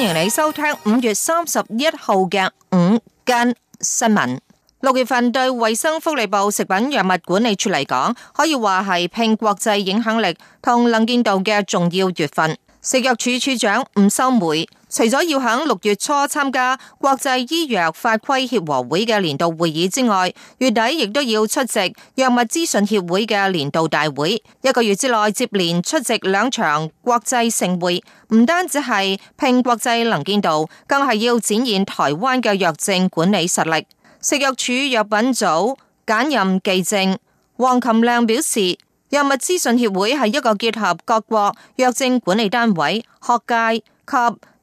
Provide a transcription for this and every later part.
歡迎你收聽五月三十一號嘅午間新聞。六月份對衛生福利部食品藥物管理署嚟講，可以話係拼國際影響力同能見度嘅重要月份。食藥署署長吳秀梅，除咗要喺六月初參加國際醫藥法規協和會嘅年度會議之外，月底亦都要出席藥物資訊協會嘅年度大會，一個月之內接連出席兩場國際盛會，唔單止係拼國際能見度，更係要展現台灣嘅藥政管理實力。食藥署藥品組簡任技正黃琴亮表示。藥物資訊協會係一個結合各國藥政管理單位、學界及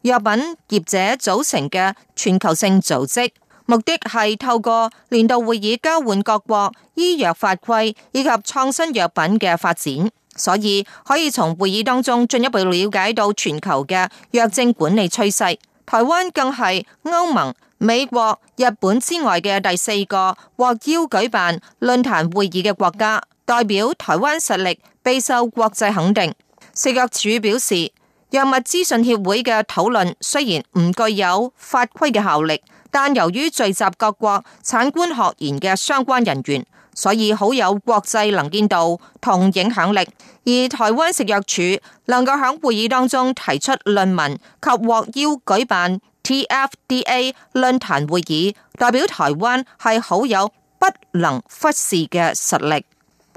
藥品業者組成嘅全球性組織，目的係透過年度會議交換各國醫藥法規以及創新藥品嘅發展，所以可以從會議當中進一步了解到全球嘅藥政管理趨勢。台灣更係歐盟、美國、日本之外嘅第四個獲邀舉辦論壇會議嘅國家。代表台灣實力備受國際肯定。食藥署表示，藥物資訊協會嘅討論雖然唔具有法規嘅效力，但由於聚集各國產官學研嘅相關人員，所以好有國際能見度同影響力。而台灣食藥署能夠喺會議當中提出論文及獲邀舉辦 TFDA 論壇會議，代表台灣係好有不能忽視嘅實力。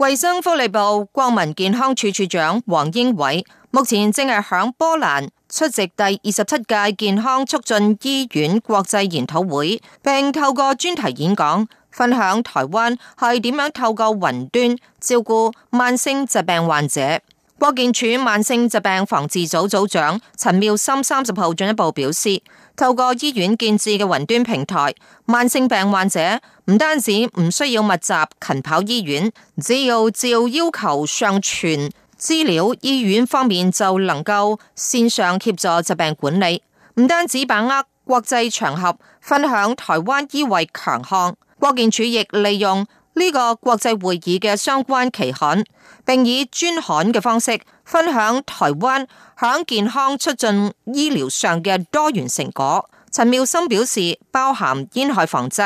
衛生福利部國民健康處處長黃英偉，目前正係響波蘭出席第二十七屆健康促進醫院國際研討會，並透過專題演講分享台灣係點樣透過雲端照顧慢性疾病患者。國健署慢性疾病防治組組長陳妙心三十號進一步表示。透過醫院建置嘅雲端平台，慢性病患者唔單止唔需要密集勤跑醫院，只要照要求上傳資料，醫院方面就能夠線上協助疾病管理。唔單止把握國際場合分享台灣醫衛強項，國健署亦利用。呢個國際會議嘅相關期刊，並以專刊嘅方式分享台灣響健康促進醫療上嘅多元成果。陳妙心表示，包含煙害防制、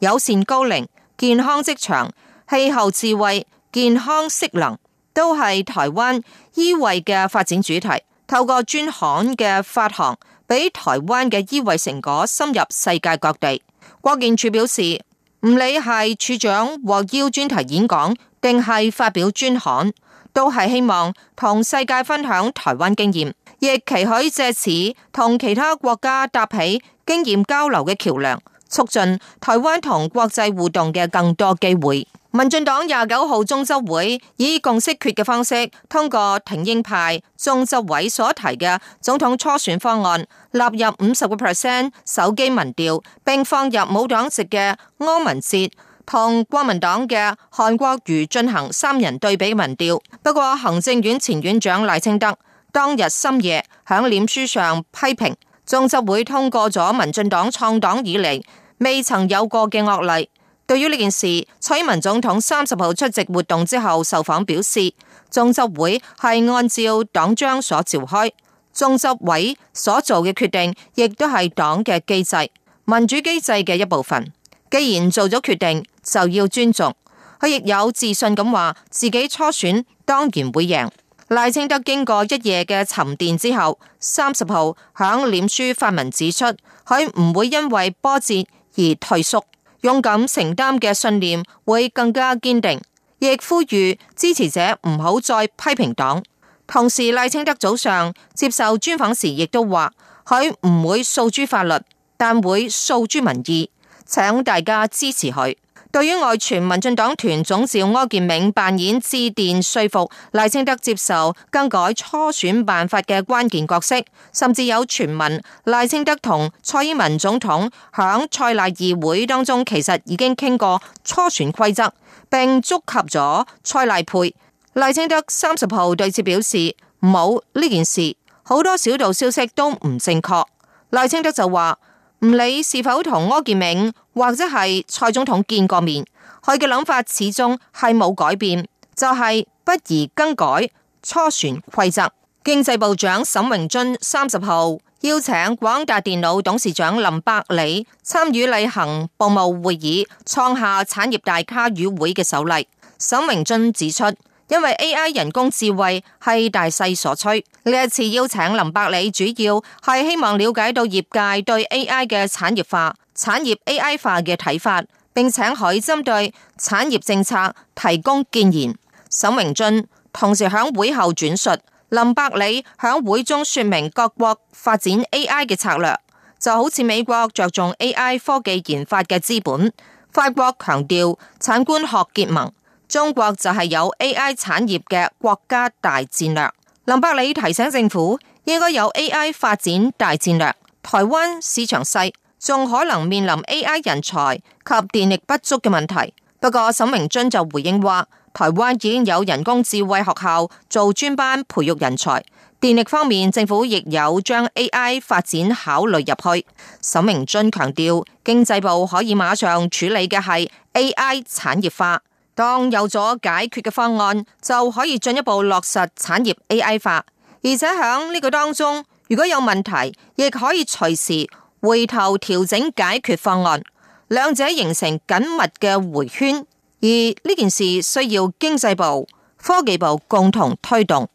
友善高齡、健康職場、氣候智慧、健康適能，都係台灣醫衛嘅發展主題。透過專刊嘅發行，俾台灣嘅醫衛成果深入世界各地。國健署表示。唔理係處長獲邀專題演講，定係發表專刊，都係希望同世界分享台灣經驗，亦期許借此同其他國家搭起經驗交流嘅橋樑，促進台灣同國際互動嘅更多機會。民進黨廿九號中執會以共識決嘅方式通過挺英派中執委所提嘅總統初選方案，納入五十個 percent 手機民調，並放入無黨籍嘅柯文哲同國民黨嘅韓國瑜進行三人對比民調。不過，行政院前院長賴清德當日深夜響臉書上批評，中執會通過咗民進黨創黨以嚟未曾有過嘅惡例。對於呢件事，蔡英文總統三十號出席活動之後，受訪表示，中執會係按照黨章所召開，中執委所做嘅決定，亦都係黨嘅機制、民主機制嘅一部分。既然做咗決定，就要尊重。佢亦有自信咁話，自己初選當然會贏。賴清德經過一夜嘅沉澱之後，三十號響臉書發文指出，佢唔會因為波折而退縮。勇敢承擔嘅信念會更加堅定，亦呼籲支持者唔好再批評黨。同時，賴清德早上接受專訪時亦都話，佢唔會訴諸法律，但會訴諸民意，請大家支持佢。對於外傳民進黨團總召柯建銘扮演致電說服賴清德接受更改初選辦法嘅關鍵角色，甚至有傳聞賴清德同蔡英文總統響蔡賴議會當中其實已經傾過初選規則，並觸及咗蔡賴配。賴清德三十號對此表示冇呢件事，好多小道消息都唔正確。賴清德就話。唔理是否同柯建銘或者係蔡總統見過面，佢嘅諗法始終係冇改變，就係、是、不宜更改初選規則。經濟部長沈榮津三十號邀請廣達電腦董事長林百里參與例行部務會議，創下產業大咖與會嘅首例。沈榮津指出。因為 A.I. 人工智慧係大勢所趨，呢一次邀請林百里，主要係希望了解到業界對 A.I. 嘅產業化、產業 A.I. 化嘅睇法，並且可以針對產業政策提供建言。沈榮津同時響會後轉述林百里響會中說明各國發展 A.I. 嘅策略，就好似美國着重 A.I. 科技研發嘅資本，法國強調產官學結盟。中國就係有 AI 產業嘅國家大戰略。林百里提醒政府應該有 AI 發展大戰略。台灣市場細，仲可能面臨 AI 人才及電力不足嘅問題。不過沈明津就回應話，台灣已經有人工智慧學校做專班培育人才。電力方面，政府亦有將 AI 發展考慮入去。沈明津強調，經濟部可以馬上處理嘅係 AI 產業化。當有咗解決嘅方案，就可以進一步落實產業 AI 化，而且喺呢個當中，如果有問題，亦可以隨時回頭調整解決方案，兩者形成緊密嘅回圈。而呢件事需要經濟部、科技部共同推動，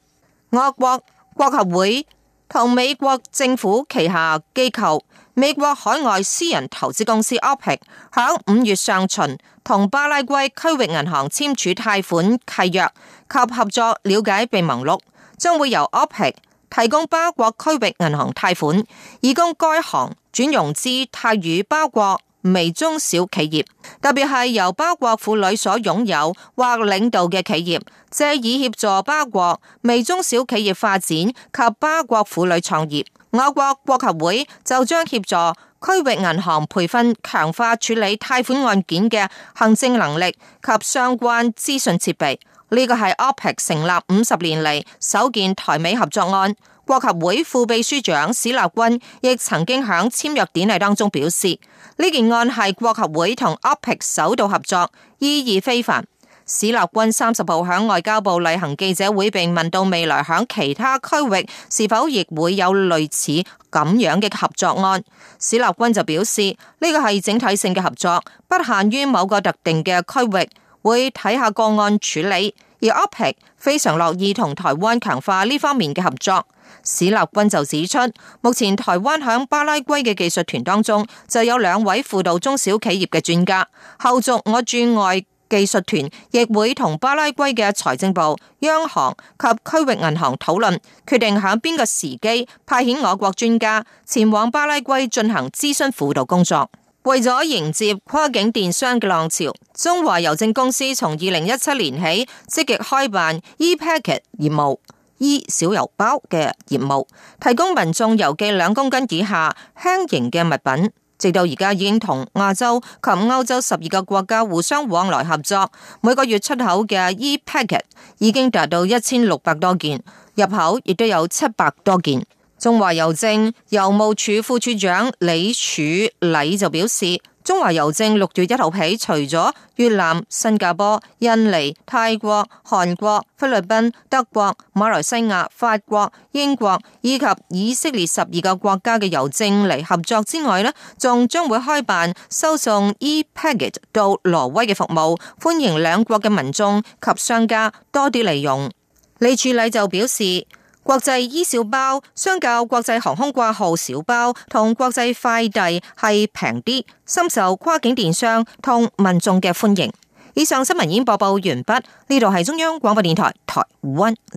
我國國合會。同美國政府旗下機構、美國海外私人投資公司 OPIC 響五月上旬，同巴拉圭區域銀行簽署貸款契約及合作了解備忘錄，將會由 OPIC 提供巴國區域銀行貸款，以供該行轉融資貸予巴國。微中小企業，特別係由巴國婦女所擁有或領導嘅企業，借以協助巴國微中小企業發展及巴國婦女創業。我國國合會就將協助區域銀行培訓，強化處理貸款案件嘅行政能力及相關資訊設備。呢個係 OPIC 成立五十年嚟，首件台美合作案。國合會副秘書長史立軍亦曾經響簽約典禮當中表示，呢件案係國合會同 OPIC 首度合作，意義非凡。史立軍三十號響外交部例行記者會，並問到未來響其他區域是否亦會有類似咁樣嘅合作案，史立軍就表示呢個係整體性嘅合作，不限於某個特定嘅區域。會睇下個案處理，而 OPIC 非常樂意同台灣強化呢方面嘅合作。史立軍就指出，目前台灣響巴拉圭嘅技術團當中就有兩位輔導中小企業嘅專家，後續我駐外技術團亦會同巴拉圭嘅財政部、央行及區域銀行討論，決定響邊個時機派遣我國專家前往巴拉圭進行諮詢輔導工作。為咗迎接跨境電商嘅浪潮，中華郵政公司從二零一七年起積極開辦 ePacket 業務，e 小郵包嘅業務，提供民眾郵寄兩公斤以下輕型嘅物品。直到而家已經同亞洲及歐洲十二個國家互相往來合作，每個月出口嘅 ePacket 已經達到一千六百多件，入口亦都有七百多件。中華郵政郵務處副處長李柱禮就表示，中華郵政六月一號起，除咗越南、新加坡、印尼、泰國、韓國、菲律賓、德國、馬來西亞、法國、英國以及以色列十二個國家嘅郵政嚟合作之外，呢仲將會開辦收送 e-Packet 到挪威嘅服務，歡迎兩國嘅民眾及商家多啲利用。李柱禮就表示。國際依小包相較國際航空掛號小包同國際快遞係平啲，深受跨境電商同民眾嘅歡迎。以上新聞已經播報完畢，呢度係中央廣播電台台灣。